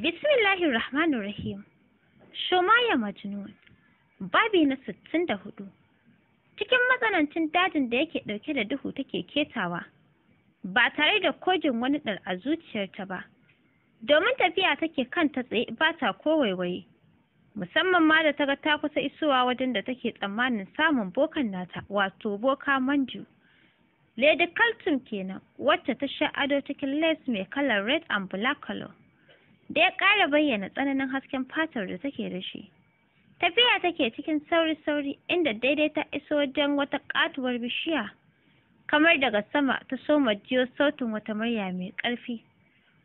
Bismillahir Rahmanir Rahim. Shomaya Majnun. Babi sittin da hudu. Cikin matsanancin dajin da yake ɗauke da duhu take ketawa, ba tare da kogin wani ɗar a zuciyarta ba. Domin tafiya take kanta tsaye ba ta kowaiwaye, musamman ma da ta ga ta kusa isowa wajen da take tsammanin samun bokan nata, wato boka manju. Lady Carlton kenan, wacce ta sha ado cikin lace mai kalar red and black color. da ya ƙara bayyana tsananin hasken fatar da take da shi. Tafiya take cikin sauri-sauri inda daidai ta iso wajen wata ƙatuwar bishiya. Kamar daga sama ta soma jiyo sautin wata murya mai ƙarfi,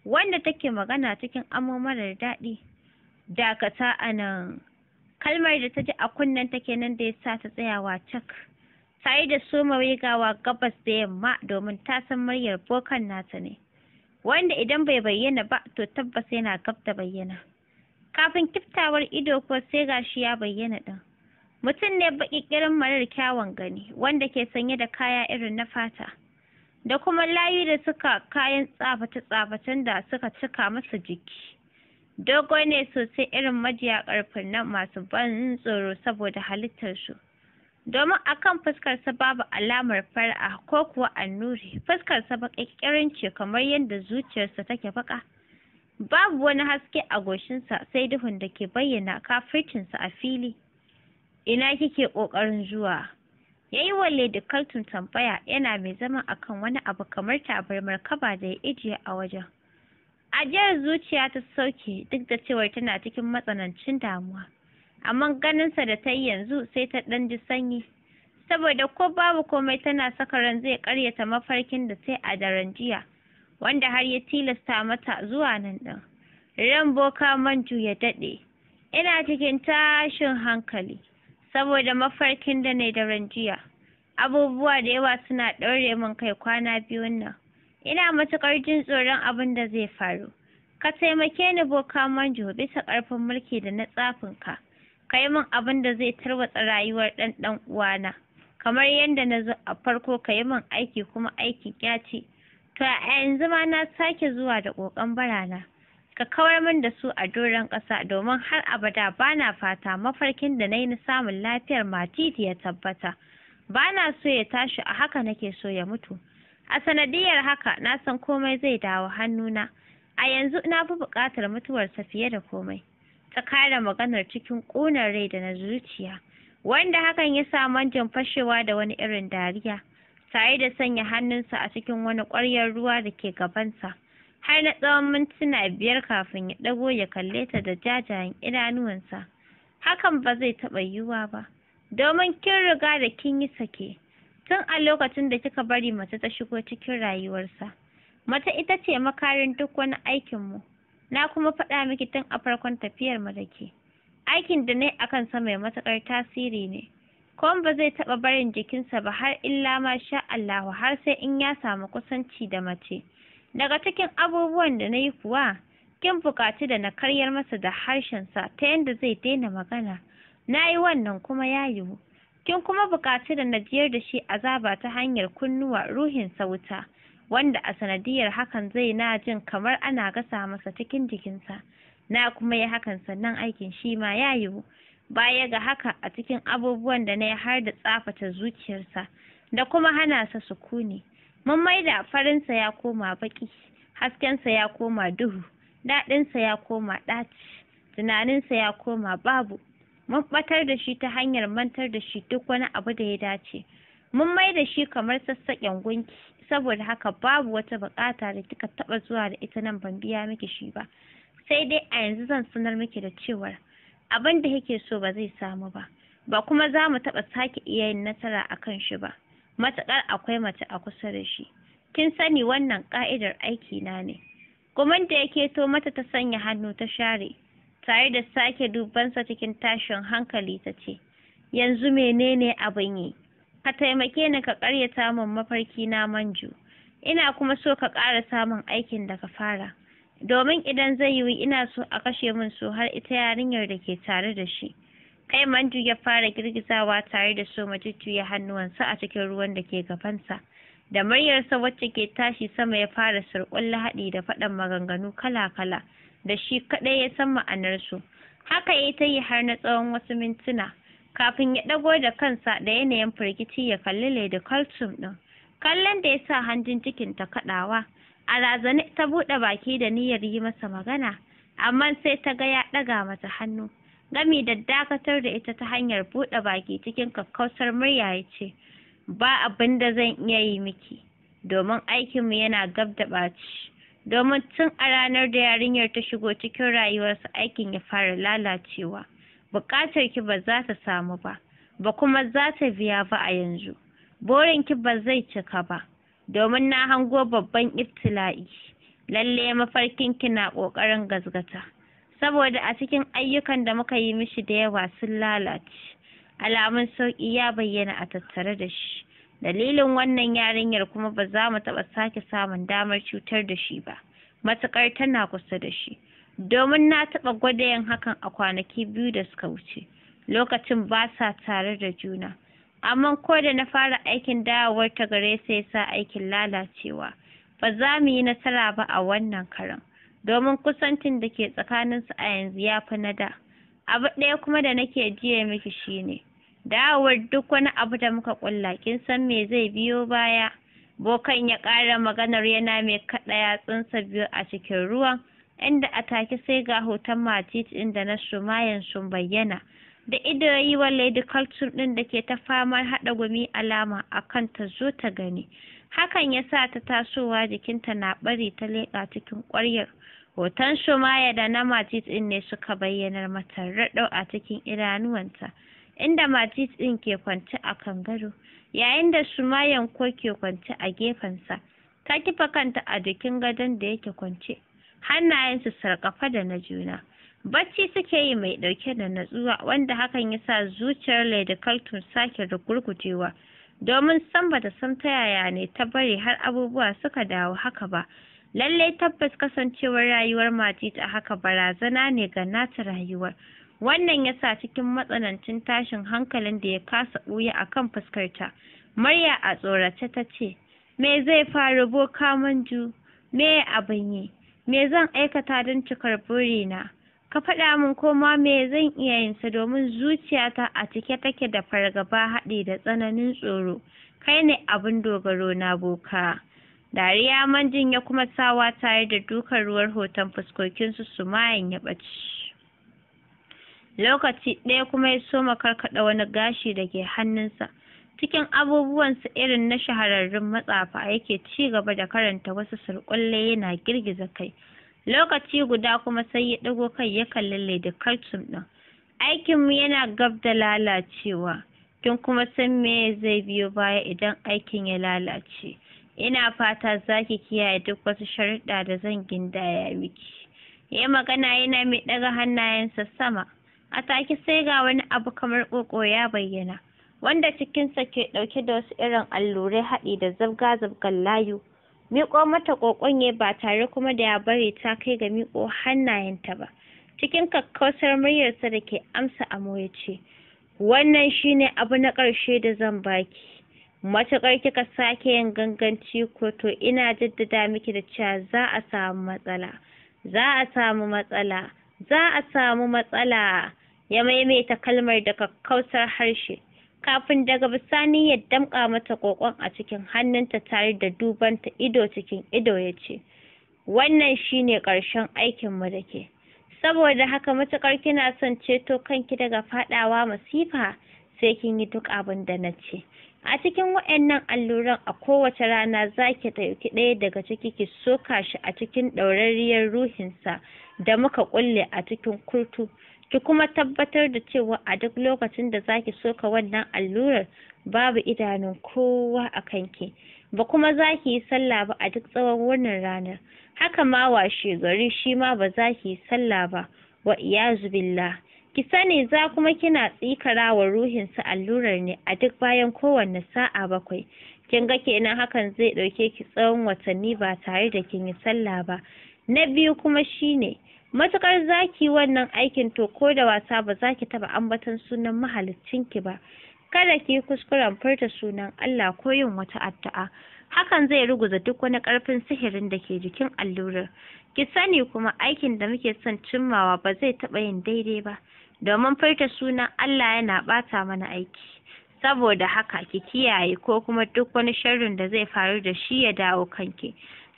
wanda take magana cikin amo marar daɗi. Dakata a nan, kalmar da ta ji a kunnen take nan da ya sa ta tsayawa cak. Ta da soma rigawa gabas da yamma domin ta san muryar bokan nata ne. wanda idan bai bayyana ba to tabbas yana gab da bayyana kafin kiftawar ido ko sai gashi ya bayyana ɗin. mutum ne baƙiƙirin marar kyawun gani wanda ke sanye da kaya irin na fata da kuma layu da suka kayan tsafata-tsafatan da suka cika masa jiki dogo ne sosai irin majiya karfin nan masu ban tsoro saboda halittarsu. su domin a kan fuskarsa babu alamar far'a ko kuwa annuri fuskarsa baƙaƙƙirin ce kamar yadda zuciyarsa take faka babu wani haske a goshinsa sai duhun da ke bayyana kafircinsa a fili ina kike ƙoƙarin zuwa ya yi wa lady carlton tambaya yana mai zama akan wani abu kamar tabarmar kaba da ya ijiye a wajen ajiyar zuciya ta sauke duk da cewar tana cikin matsanancin damuwa amma ganinsa da ta yi yanzu sai ta ɗan ji sanyi saboda ko babu komai tana saka ran zai ƙaryata mafarkin da sai a daren jiya wanda har ya tilasta mata zuwa nan ɗin ran boka manju ya daɗe ina cikin tashin hankali saboda mafarkin da ne daren jiya abubuwa da yawa suna ɗaure min kai kwana biyun nan ina matuƙar jin tsoron abin da zai faru ka taimake ni boka manju bisa ƙarfin mulki da na tsafin ka. kai yi min abin da zai tarwatsa rayuwar ɗan ɗan uwana kamar yadda na zo a farko ka yi min aiki kuma aiki ya ce to a yanzu ma na sake zuwa da ƙoƙan barana ka kawar min da su a doron ƙasa domin har abada ba na fata mafarkin da na yi na samun lafiyar matiti ya tabbata ba na so ya tashi a haka nake so ya mutu a sanadiyar haka na san komai zai dawo hannuna a yanzu na fi buƙatar mutuwarsa fiye da komai ta kare maganar cikin ƙunar rai da na zuciya wanda hakan ya sa manjan fashewa da wani irin dariya tare da sanya hannunsa a cikin wani ƙwaryar ruwa da ke gabansa har na tsawon mintuna biyar kafin ya ɗago ya kalle ta da jajayen idanuwansa hakan ba zai taɓa yiwuwa ba domin kin riga da kin yi sake tun a lokacin da kika bari mace ta shigo cikin rayuwarsa mace ita ce makarin duk wani aikinmu na kuma faɗa miki tun a farkon tafiyar mu da ke aikin da nayi akan kansa mai matukar tasiri ne kuma ba zai taɓa barin jikinsa ba har illa ma sha Allahu har sai in ya samu kusanci da mace daga cikin abubuwan da na yi kuwa kin buƙaci da na karyar masa da harshen sa ta yadda zai daina magana na yi wannan kuma ya yiwu kin kuma buƙaci da na jiyar da shi azaba ta hanyar kunnuwa ruhinsa wuta wanda a sanadiyar hakan zai na jin kamar ana gasa masa cikin jikinsa na kuma yi hakan sannan aikin shi ma ya yiwu baya ga haka a cikin abubuwan da na yi har da tsafata zuciyarsa da kuma hana sa sukuni mun maida farinsa ya koma baki haskensa ya koma duhu daɗinsa ya koma ɗaci tunaninsa ya koma babu mun ɓatar da shi ta hanyar mantar da shi duk wani abu da ya dace mun mai da shi kamar sassaƙen gunki saboda haka babu wata buƙata da kika taɓa zuwa da ita nan ban biya miki shi ba sai dai a yanzu zan sanar miki da cewar abin da yake so ba zai samu ba ba kuma za mu taɓa sake iya yin nasara a kan shi ba matuƙar akwai mace a kusa da shi kin sani wannan ƙa'idar aiki na ne kuma da ya keto mata ta sanya hannu ta share tare da sake dubansa cikin tashin hankali ta ce yanzu menene abin yi ka taimake ni ka karya samun mafarki na manju ina kuma so ka ƙara samun aikin da ka fara domin idan zai yiwu ina so a kashe min so har ita yarinyar da ke tare da shi kai manju ya fara girgizawa tare da so majujjuya hannuwansa a cikin ruwan da ke gabansa da muryarsa wacce ke tashi sama ya fara surƙulla lahaɗi da faɗan maganganu kala-kala da shi kaɗai ya san ma'anarsu haka ya ta yi har na tsawon wasu mintuna kafin ya ɗago da kansa da yanayin firgici ya kalli Lady Colton ɗin. Kallon da ya sa hanjin cikin ta kaɗawa, a razane ta buɗe baki da niyyar yi masa magana, amma sai ta ga ya ɗaga mata hannu. Gami da dakatar da ita ta hanyar buɗe baki cikin kakkausar murya ya ce, Ba abin da zan iya yi miki, domin aikinmu yana gab da ɓaci. Domin tun a ranar da yarinyar ta shigo cikin rayuwarsa aikin ya fara lalacewa. buƙatar ki ba za ta samu ba ba kuma za ta biya ba a yanzu borin ki ba zai cika ba domin na hango babban ibtila'i lalle mafarkin ki na ƙoƙarin gazgata saboda a cikin ayyukan da muka yi mishi da yawa sun lalace alamun sauƙi ya bayyana a tattare da shi dalilin wannan yarinyar kuma ba za mu taɓa sake samun damar cutar da shi ba matuƙar tana kusa da shi domin na taɓa gwada yin hakan a kwanaki biyu da suka wuce lokacin ba sa tare da juna amma ko da na fara aikin dawowar ta gare sai sa aikin lalacewa ba za mu yi nasara ba a wannan karan domin kusancin da ke tsakanin su a yanzu ya fi na da abu ɗaya kuma da nake jiya miki shine dawowar duk wani abu da muka ƙulla kin san me zai biyo baya bokan ya ƙara maganar yana mai kaɗa yatsunsa biyu a cikin ruwan inda a take sai ga hoton matit ɗin da na shumayan sun bayyana da ido ya yi wa lady culture ɗin da ke ta famar haɗa gumi alama a kan ta zo ta gani hakan ya sa ta tasowa jikinta na ɓari ta leƙa cikin ƙwaryar hoton shumaya da na matit ɗin ne suka bayyana mata raɗau a cikin idanuwanta inda matit ɗin ke kwance a kan gado yayin da shumayan ko ke kwance a gefensa ta kifa kanta a jikin gadon da yake kwance hannayensu sarƙafa da na juna bacci suke yi mai ɗauke da natsuwa wanda hakan ya sa zuciyar lady kaltun sake da gurgujewa domin san bata san ta yaya ne ta bari har abubuwa suka dawo haka ba lallai tabbas kasancewar rayuwar majid a haka barazana ne ga nata rayuwar wannan ya sa cikin matsanancin tashin hankalin da ya kasa ɓuya a kan fuskarta murya a tsorace ta ce me zai faru boka kamanju me abin yi me zan aikata don cikar burina ka faɗa min koma me zan iya yinsa domin zuciyata a cike take da fargaba haɗi da tsananin tsoro kai ne abin dogaro na boka dariya manjin ya kuma sawa tare da dukan ruwar hoton fuskokinsu su mayan ya ɓaci lokaci ɗaya kuma ya soma karkaɗa wani gashi da ke hannunsa cikin abubuwansa irin na shahararrun matsafa yake ci gaba da karanta wasu surƙulle yana girgiza kai lokaci guda kuma sai ya ɗago kai ya kalli lady cartoon ɗin aikinmu yana gab da lalacewa kin kuma san me zai biyo baya idan aikin ya lalace ina fata zaki kiyaye duk wasu sharuɗa da zan gindaya miki ya magana yana mai ɗaga hannayensa sama a taki, sai ga wani abu kamar ƙoƙo ya bayyana wanda cikinsa ke ɗauke da wasu irin allurai haɗi da zabga-zabgan layu miƙo mata ƙoƙon ba tare kuma da ya bari ta kai ga miƙo hannayenta ba cikin kakkausar muryarsa da ke amsa a ya ce wannan shine abu na ƙarshe da zan baki matuƙar kika sake yin ganganci ko to ina jaddada miki da cewa za a samu matsala za a samu matsala za a samu matsala ya maimaita kalmar da kakkausar harshe kafin daga bisani ya damƙa mata ƙoƙon a cikin hannunta tare da dubanta ido cikin ido ya ce wannan shine ƙarshen aikinmu da ke saboda haka matuƙar kina son ceto kanki daga faɗawa masifa sai kin yi duk abin da na ce a cikin wa'annan alluran a kowace rana za ki ɗauki ɗaya daga ciki ki soka shi a cikin ɗaurarriyar ruhinsa da muka ƙulle a cikin kurtu ki kuma tabbatar da cewa a duk lokacin da zaki soka wannan allurar babu idanun kowa a kanki ba kuma za yi sallah ba a duk tsawon wannan ranar haka ma washe gari shi ma ba za yi sallah ba wa iyazu billah ki sani za kuma kina tsikara wa sa allurar ne a duk bayan kowanne sa'a bakwai kin ga kenan hakan zai ɗauke ki tsawon watanni ba tare da kin yi sallah ba na biyu kuma shine matukar zaki wannan aikin to ko da wasa ba za ki taba ambaton sunan mahaliccin ki ba kada ki kuskuren furta sunan Allah ko yin wata addu'a hakan zai ruguza duk wani ƙarfin sihirin da ke jikin allurar ki sani kuma aikin da muke son cimmawa ba zai taɓa yin daidai ba domin furta sunan Allah yana ɓata mana aiki saboda haka ki kiyaye ko kuma duk wani sharrin da zai faru da shi ya dawo kanki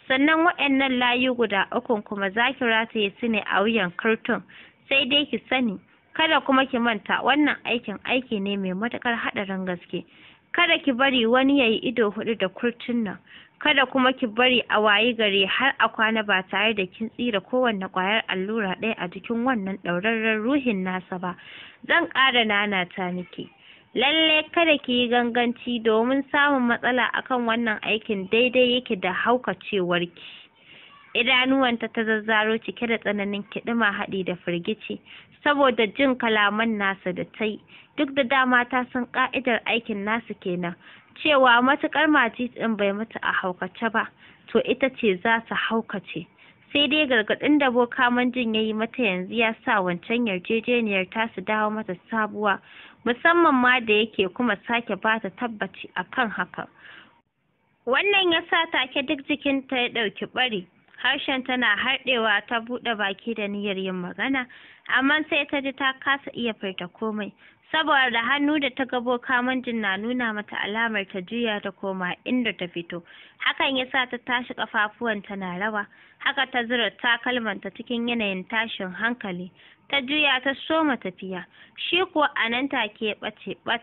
sannan waɗannan layu guda ukun kuma za ki rataye su ne a wuyan karton sai dai ki sani kada kuma ki manta wannan aikin aiki ne mai matuƙar haɗarin gaske kada ki bari wani ya yi ido hudu da kurtun nan kada kuma ki bari a wayi gare har a kwana ba tare da kin tsira kowanne ƙwayar allura ɗaya a jikin wannan ɗaurarren ruhin nasa ba zan ƙara nanata miki lalle kada ki yi ganganci domin samun matsala akan wannan aikin daidai yake da haukacewarki idanuwanta ta zazzaro cike da tsananin kiɗima haɗi da firgici saboda jin kalaman nasa da ta yi duk da dama ta san ƙa'idar aikin nasu kenan cewa matuƙar maji ɗin bai mutu a haukace ba to ita ce za su haukace sai dai gargaɗin da boka manjin ya yi mata yanzu ya sa wancan yarjejeniyar ta su dawo mata sabuwa musamman ma da yake kuma sake bata tabbaci akan hakan wannan ya sa take duk jikinta ya ɗauki ɓari harshen tana harɗewa ta buɗe baki da niyyar yin magana amma sai ta ji ta kasa iya fita komai saboda hannu da ta gabo kamanjin na nuna mata alamar ta juya ta koma inda ta fito hakan ya sa ta tashi kafafuwanta na rawa haka ta zura takalmanta cikin yanayin tashin hankali ta juya ta soma tafiya shi kuwa a nan take ɓace ɓat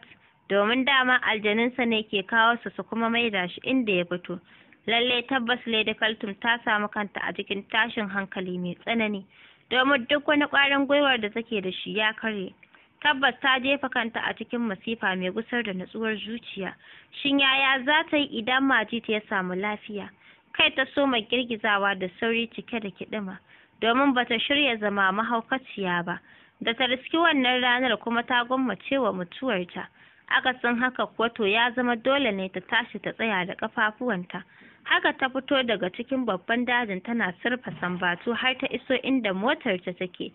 domin dama aljaninsa ne ke kawo su su kuma maida shi inda ya fito lalle tabbas lady kaltum ta samu kanta a cikin tashin hankali mai tsanani domin duk wani ƙwarin gwiwar da take da shi ya karye tabbas ta jefa kanta a cikin masifa mai gusar da natsuwar zuciya shin yaya za ta yi idan Maji ta ya samu lafiya kai ta so mai girgizawa da sauri cike da kiɗima domin ba ta shirya zama mahaukaciya ba da ta riski wannan ranar kuma ta gwammace wa mutuwarta akasin haka kuwa to ya zama dole ne ta tashi ta tsaya da kafafuwanta haka ta fito daga cikin babban dajin tana surfa sambatu har ta iso inda motarta take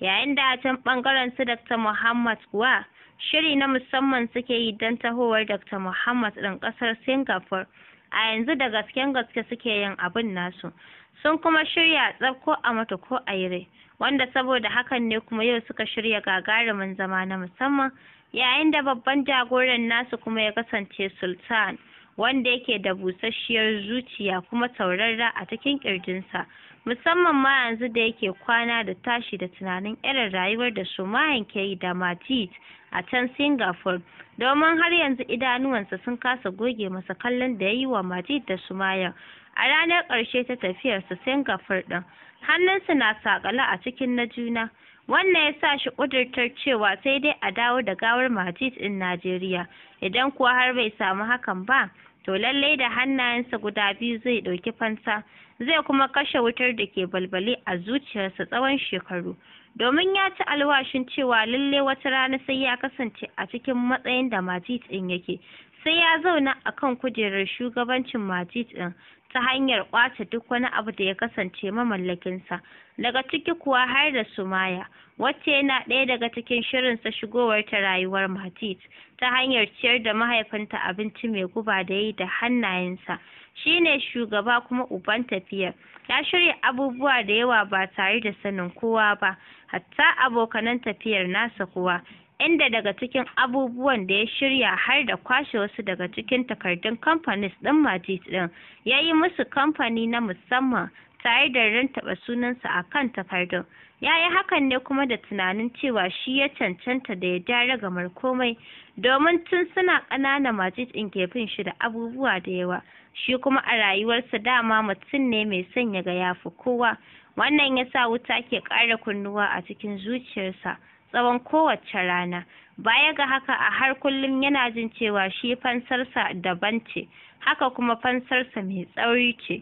yayin da a can bangaren su Dr. Muhammad kuwa shiri na musamman suke yi don tahowar Dr. Muhammad ɗin ƙasar Singapore a yanzu da gasken gaske suke yin abin nasu sun kuma shirya tsab ko a mata ko a yire wanda saboda hakan ne kuma yau suka shirya gagarumin zama na musamman yayin da babban jagoran nasu kuma ya kasance sultan wanda yake da busasshiyar zuciya kuma taurarra a cikin ƙirjinsa. musamman ma yanzu da yake kwana da tashi da tunanin irin rayuwar da Shumayan ke yi da Majid a can Singapore domin har yanzu idanuwansa sun kasa goge masa kallon da ya yi wa Majid da Shumayan a ranar ƙarshe ta tafiyarsa Singapore ɗin hannunsu na saƙala a cikin na juna wannan ya sa shi ƙudurtar cewa sai dai a dawo da gawar Majid ɗin Najeriya idan kuwa har bai samu hakan ba to lallai da hannayensa guda biyu zai ɗauki fansa zai kuma kashe wutar da ke balbali a zuciyarsa tsawon shekaru domin ya ci alwashin cewa lalle wata rana sai ya kasance a cikin matsayin da majit ɗin yake sai ya zauna a kan kujerar shugabancin majit ɗin ta hanyar ƙwace duk wani abu da ya kasance mamallakinsa daga ciki kuwa har da sumaya wacce yana ɗaya daga cikin shirinsa shigowar ta rayuwar matit ta hanyar ciyar da mahaifinta abinci mai guba da yi da hannayensa Shi ne shugaba kuma uban tafiyar ya shirya abubuwa da yawa ba tare da sanin kowa ba hatta abokanan tafiyar nasa kuwa inda daga cikin abubuwan da ya shirya har da kwashe wasu daga cikin takardun kamfanis ɗin Majid ɗin ya yi musu kamfani na musamman tare da rantaba sunansa a kan takardun. Ya yi hakan ne kuma da tunanin cewa shi ya cancanta da ya dare gamar komai domin tun suna ƙanana Majid ɗin ke fin shi da abubuwa da yawa. Shi kuma a rayuwarsa dama mutum ne mai sanya ga yafi kowa. Wannan yasa wuta ke ƙara kunnuwa a cikin zuciyarsa. tsawon kowace rana baya ga haka a har kullum yana jin cewa shi fansarsa daban ce haka kuma fansarsa mai tsauri ce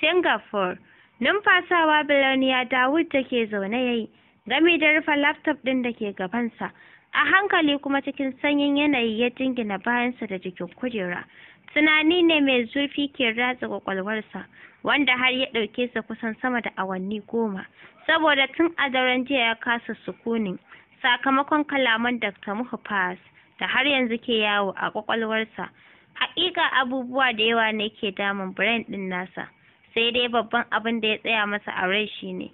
singapore numfasawa biloniya dawud ke zaune yayi game da rufe laptop ɗin da ke gabansa a hankali kuma cikin sanyin yanayi ya jingina bayansa da jikin kujera tunani ne mai zurfi ke ratsa kwakwalwarsa wanda har ya ɗauke sa kusan sama da awanni goma saboda tun a daren jiya ya kasa sukunin sakamakon kalaman Dr. Muhafaz da har yanzu ke yawo a kwakwalwarsa. Haƙiƙa abubuwa da yawa ne ke damun brain ɗin nasa, sai dai babban abin da ya tsaya masa a rai shine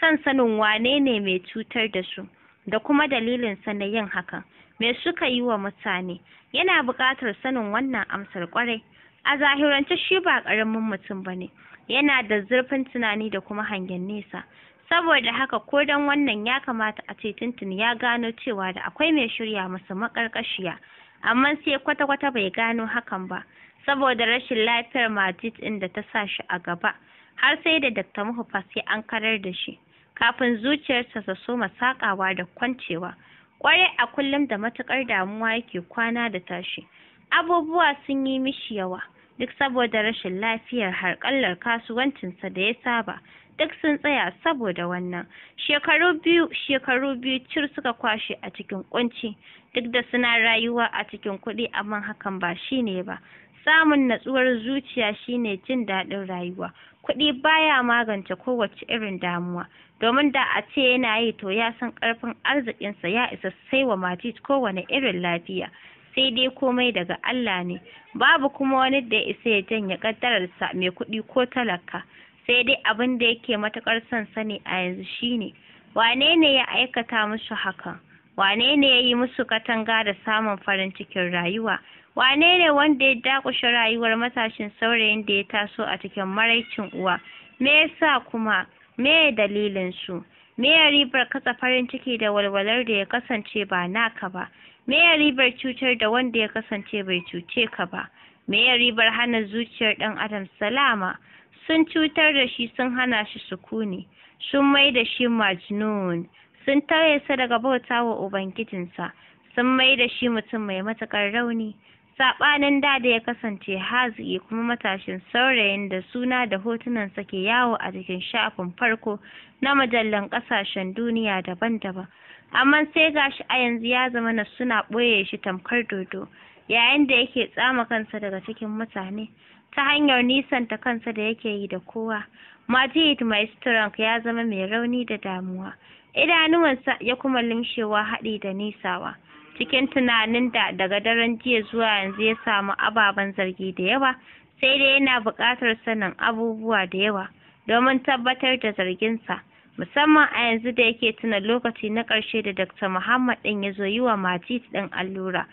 San sanin wane ne mai cutar da su da kuma dalilin sa na yin hakan. Me suka yi wa mutane? Yana buƙatar sanin wannan amsar ƙwarai. A zahirance shi ba ƙaramin mutum ba ne. yana da zurfin tunani da kuma hangen nesa saboda haka ko don wannan ya kamata a ce tuntuni ya gano cewa da akwai mai shirya masa makarkashiya amma sai kwata-kwata bai gano hakan ba saboda rashin lafiyar majid din da ta sa shi a gaba har sai da Dr. Muhufa sai an karar da shi kafin zuciyarsa ta soma saƙawa da kwancewa kwarai a kullum da matukar damuwa yake kwana da tashi abubuwa sun yi mishi yawa duk saboda rashin lafiyar harƙallar kasuwancinsa da ya saba duk sun tsaya saboda wannan shekaru biyu shekaru biyu cir suka kwashe a cikin kunci duk da suna rayuwa a cikin kuɗi amma hakan ba shine ba samun natsuwar zuciya shine jin daɗin rayuwa kuɗi baya magance kowace irin damuwa domin da a ce yana yi to ya san ƙarfin arzikinsa ya isa saiwa wa majid kowane irin lafiya sai dai komai daga Allah ne babu kuma wani da isa ya janye kaddararsa mai kuɗi ko talaka sai dai abin da yake matukar son sani a yanzu shine wane ne ya aikata musu haka wane ne ya yi musu katanga da samun farin cikin rayuwa wane ne wanda ya dakushe rayuwar matashin saurayin da ya taso a cikin maraicin uwa me yasa kuma me dalilin su me ribar katsa farin ciki da walwalar da ya kasance ba naka ba ya ribar cutar da wanda ya kasance bai cuce ka ba ya ribar hana zuciyar ɗan adam salama sun cutar da shi sun hana shi sukuni sun mai da shi majnun sun tare sa daga bauta wa ubangijinsa sun mai da shi mutum mai matakar rauni saɓanin da da ya kasance haziki kuma matashin saurayin da suna da hotunansa ke yawo a jikin shafin farko na majallan kasashen duniya daban-daban amma sai gashi a yanzu ya zama na suna ɓoye shi tamkar dodo yayin da yake tsama kansa daga cikin mutane ta hanyar nisanta kansa da yake yi da kowa majid mai strong ya zama mai rauni da damuwa idanuwansa ya kuma limshewa haɗi da nisawa cikin tunanin da daga daren jiya zuwa yanzu ya samu ababen zargi da yawa sai dai yana buƙatar sanin abubuwa da yawa domin tabbatar da zarginsa musamman a yanzu da yake tuna lokaci na ƙarshe da Dr. Muhammad ɗin ya zo yi wa Majid ɗin allura.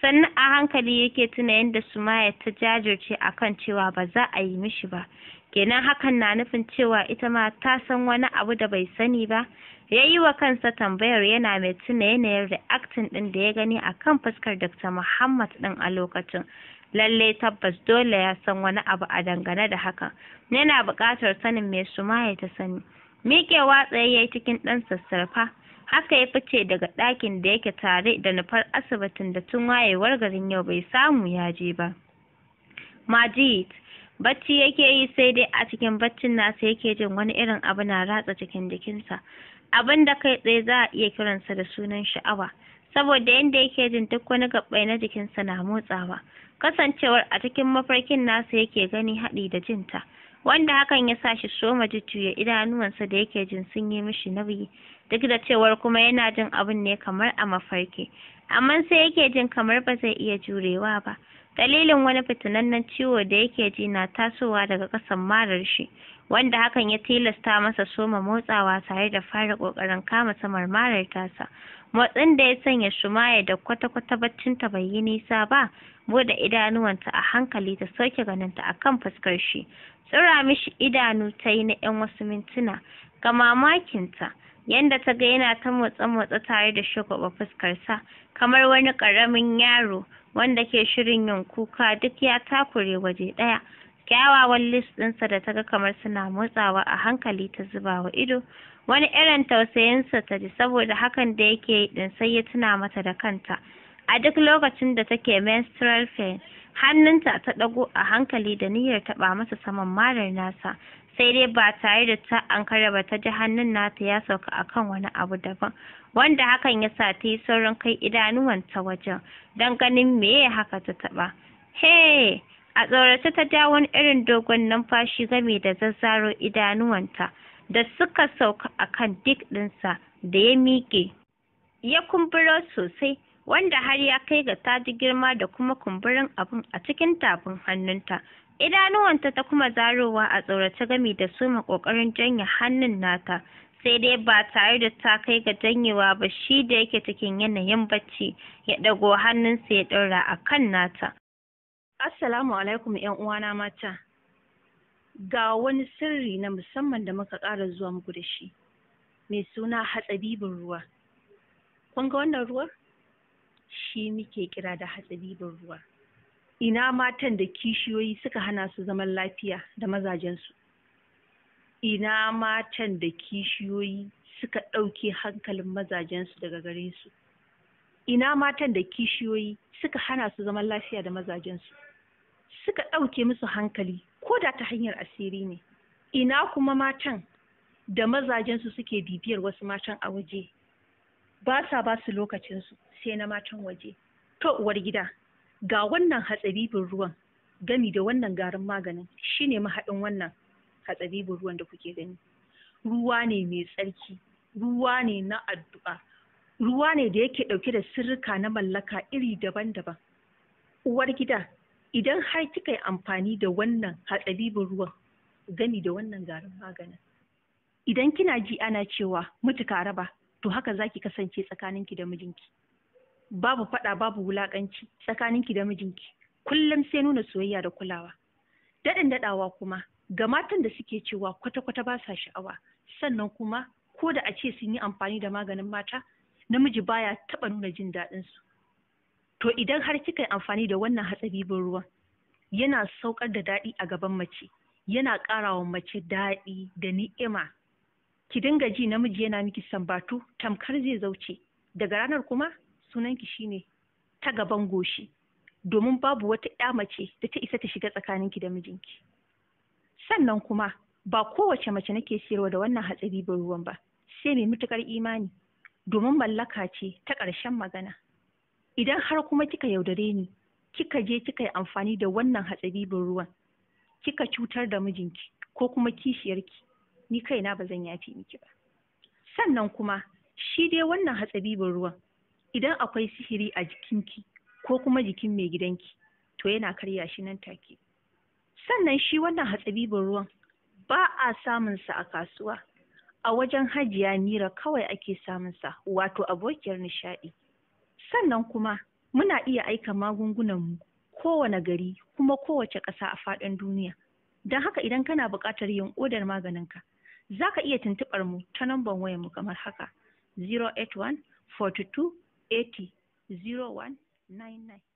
Sannan a hankali yake tuna yadda Sumaya ta jajirce a kan cewa ba za a yi mishi ba. Kenan hakan na nufin cewa ita ma ta san wani abu da bai sani ba. Ya yi wa kansa tambayar yana mai tuna yanayin reacting ɗin da ya gani a kan fuskar Dr. Muhammad ɗin a lokacin. lallai tabbas dole ya san wani abu a dangane da hakan yana buƙatar sanin me sumaya ta sani miƙewa tsaye ya yi cikin ɗan sassarfa haka ya fice daga ɗakin da yake tare da nufar asibitin da tun wayewar garin yau bai samu ya je ba majid bacci yake yi sai dai a cikin baccin nasa yake jin wani irin abu na ratsa cikin jikinsa abin da kai tsaye za a iya kiransa da sunan sha'awa saboda yadda yake jin duk wani gabbai na jikinsa na motsawa kasancewar a cikin mafarkin nasa yake gani haɗi da jinta wanda hakan ya sa shi soma jujjuya idanuwansa da yake jin sun yi mishi nauyi duk da cewar kuma yana jin abin ne kamar a mafarki amma sai yake jin kamar ba zai iya jurewa ba dalilin wani fitinannen ciwo da yake ji na tasowa daga ƙasan marar shi wanda hakan ya tilasta masa soma motsawa tare da fara ƙoƙarin kama samar marar tasa motsin da ya sanya shumaya da kwata-kwata baccinta bai yi nisa ba buɗe idanuwanta a hankali ta soke ganinta a kan fuskar shi tsira mishi idanu ta yi na 'yan wasu mintuna ga mamakinta yadda ta ga yana ta motsa-motsa tare da shagwaba fuskarsa kamar wani ƙaramin yaro wanda ke shirin yin kuka duk ya takure waje ɗaya kyawawan lis ɗinsa da ta ga kamar suna motsawa a hankali ta zubawa ido wani irin tausayinsa ta ji saboda hakan da yake yi ɗin sai ya tuna mata da kanta a duk lokacin da take menstrual pain hannunta ta ɗago a hankali da niyyar taba masa saman marar nasa sai dai ba tare da ta ankara ba ta ji hannun nata ya sauka akan wani abu daban wanda hakan ya sa ta yi saurin kai idanuwanta wajen don ganin meye haka ta taba he a tsorace ta ja wani irin dogon numfashi game da zazzaro idanuwanta da suka sauka akan dik ɗinsa da ya miƙe ya kumbura sosai wanda har ya kai ga ta ji girma da kuma kumburin abin a cikin tafin hannunta idanuwanta ta kuma zarowa a tsorace gami da su ma kokarin janye hannun nata sai dai ba tare da ta kai ga janyewa ba shi da yake cikin yanayin bacci ya ɗago hannunsa ya ɗaura a kan nata assalamu alaikum yan uwana mata ga wani sirri na musamman da muka ƙara zuwa muku da shi mai suna hatsabibin ruwa kun ga wannan ruwa shi muke kira da hatsibibin ruwa ina matan da kishiyoyi suka hana su zaman lafiya da mazajensu ina matan da kishiyoyi suka ɗauke hankalin mazajensu daga gare su ina matan da kishiyoyi suka hana su zaman lafiya da mazajensu suka ɗauke musu hankali ko da ta hanyar asiri ne ina kuma matan da mazajensu suke bibiyar wasu matan a waje ba sa ba su lokacinsu sai na matan waje to uwar gida ga wannan hatsabibin ruwan gami da wannan garin maganin shine mahaɗin wannan hatsabibin ruwan da kuke gani ruwa ne mai tsarki ruwa ne na addu'a ruwa ne da yake ɗauke da sirrika na mallaka iri daban-daban uwar gida idan har kika yi amfani da wannan hatsabibin ruwan gami da wannan garin maganin idan kina ji ana cewa mutu ka raba to haka zaki kasance tsakaninki da mijinki babu faɗa babu wulaƙanci tsakaninki da mijinki kullum sai nuna soyayya da kulawa daɗin daɗawa kuma ga matan da suke cewa kwata-kwata ba sa sha'awa sannan kuma ko da a ce sun yi amfani da maganin mata namiji baya taɓa nuna jin daɗinsu to idan har kika yi amfani da wannan hatsari bin ruwan yana saukar da daɗi a gaban mace yana ƙara mace daɗi da ni'ima ki dinga ji namiji yana miki sambatu tamkar zai zauce daga ranar kuma sunanki shine ta gaban goshi domin babu wata ya mace da ta isa ta shiga tsakaninki da mijinki sannan kuma ba kowace mace nake siyarwa da wannan hatsari ban ruwan ba sai mai mutukar imani domin mallaka ce ta ƙarshen magana idan har kuma kika yaudare ni kika je kika yi amfani da wannan hatsari ban ruwan kika cutar da mijinki ko kuma kishiyarki ni kaina ba zan yafi miki ba sannan kuma shi dai wannan hatsabibin ruwan idan akwai sihiri a jikinki ko kuma jikin mai gidanki to yana karya shi nan take sannan shi wannan hatsabibin ruwan ba a samun sa a kasuwa a wajen hajiya mira kawai ake samun sa wato abokiyar nishaɗi sannan kuma muna iya aika magungunan mu kowane gari kuma kowace ƙasa a faɗin duniya don haka idan kana buƙatar yin odar maganinka Za ka iya tuntuɓar mu ta nambar wayar mu kamar haka 081 42 80 0199.